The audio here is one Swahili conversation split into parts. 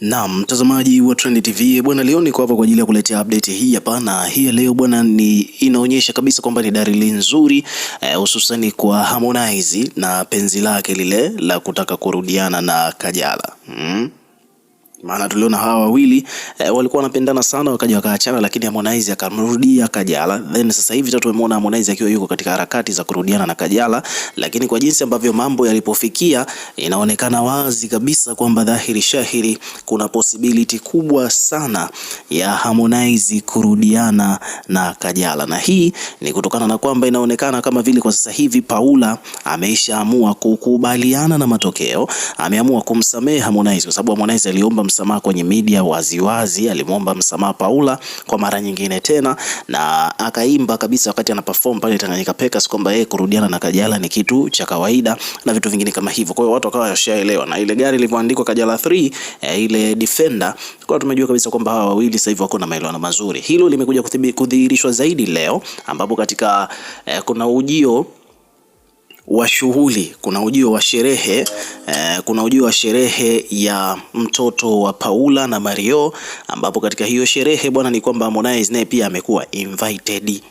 Naam, mtazamaji wa Trend TV bwana, leo niko hapa kwa ajili ya kuletea update hii hapa, na hii leo bwana ni inaonyesha kabisa kwamba ni dalili nzuri eh, hususani eh, kwa Harmonize na penzi lake lile la kutaka kurudiana na Kajala mm maana tuliona hawa wawili e, walikuwa wanapendana sana wakaja wakaachana, lakini Harmonize akamrudia Kajala. Then sasa hivi tatu tumeona Harmonize akiwa yuko katika harakati za kurudiana na Kajala, lakini kwa jinsi ambavyo mambo yalipofikia, inaonekana wazi kabisa kwamba dhahiri shahiri kuna possibility kubwa sana ya Harmonize kurudiana na Kajala, na hii ni kutokana na kwamba inaonekana kama vile kwa sasa hivi Paula ameishaamua kukubaliana na matokeo, ameamua kumsamehe Harmonize kwa sababu Harmonize aliomba msa msamaha kwenye media waziwazi, alimwomba msamaha Paula kwa mara nyingine tena, na akaimba kabisa wakati ana perform pale Tanganyika Packers kwamba yeye kurudiana na Kajala ni kitu cha kawaida na vitu vingine kama hivyo. Kwa hiyo watu wakawa washaelewa, na ile gari ilivyoandikwa Kajala 3 ya eh, ile Defender, kwa tumejua kabisa kwamba hawa wawili sasa hivi wako na maelewano mazuri. Hilo limekuja kudhihirishwa zaidi leo ambapo katika eh, kuna ujio wa shughuli, kuna ujio wa sherehe eh, kuna ujio wa sherehe ya mtoto wa Paula na Mario, ambapo katika hiyo sherehe bwana ni kwamba Harmonize naye pia amekuwa invited.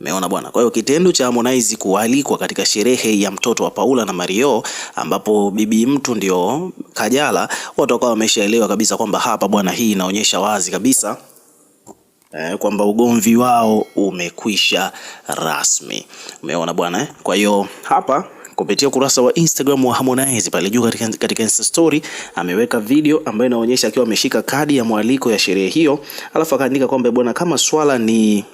Umeona bwana. Kwa hiyo kitendo cha Harmonize kualikwa katika sherehe ya mtoto wa Paula na Mario, ambapo bibi mtu ndio Kajala, watu wakawa wameshaelewa kabisa kwamba hapa bwana, hii inaonyesha wazi kabisa eh, kwamba ugomvi wao umekwisha rasmi. Umeona bwana eh? Kwa hiyo hapa kupitia ukurasa wa Instagram wa Harmonize pale juu katika, katika Insta story ameweka video ambayo inaonyesha akiwa ameshika kadi ya mwaliko ya sherehe hiyo, alafu akaandika kwamba bwana, kama swala ni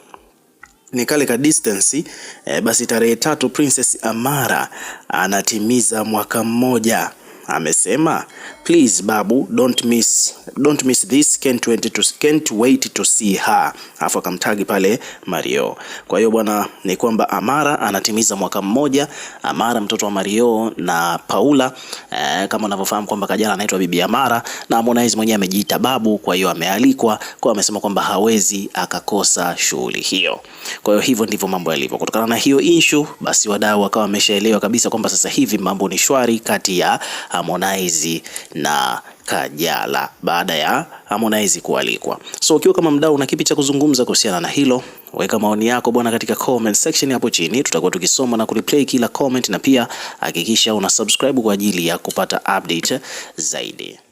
ni kale ka distance eh, basi tarehe tatu Princess Amara anatimiza mwaka mmoja. Amesema Please babu don't miss, don't miss this can't wait to, can't wait to see her. afu akamtagi pale Mario. Kwa hiyo bwana ni kwamba Amara anatimiza mwaka mmoja, Amara mtoto wa Mario na Paula eh, kama unavyofahamu kwamba kajana anaitwa Bibi Amara na Harmonize mwenyewe amejiita babu, kwa hiyo amealikwa, kwa hiyo amesema kwamba hawezi akakosa shughuli hiyo. Kwa hiyo hivyo ndivyo mambo yalivyo. Kutokana na hiyo issue, basi wadau wakawa wameshaelewa kabisa kwamba sasa hivi mambo ni shwari kati ya Harmonize na Kajala baada ya Harmonize kualikwa. So ukiwa kama mdau una kipi cha kuzungumza kuhusiana na hilo, weka maoni yako bwana katika comment section hapo chini, tutakuwa tukisoma na kureplay kila comment, na pia hakikisha una subscribe kwa ajili ya kupata update zaidi.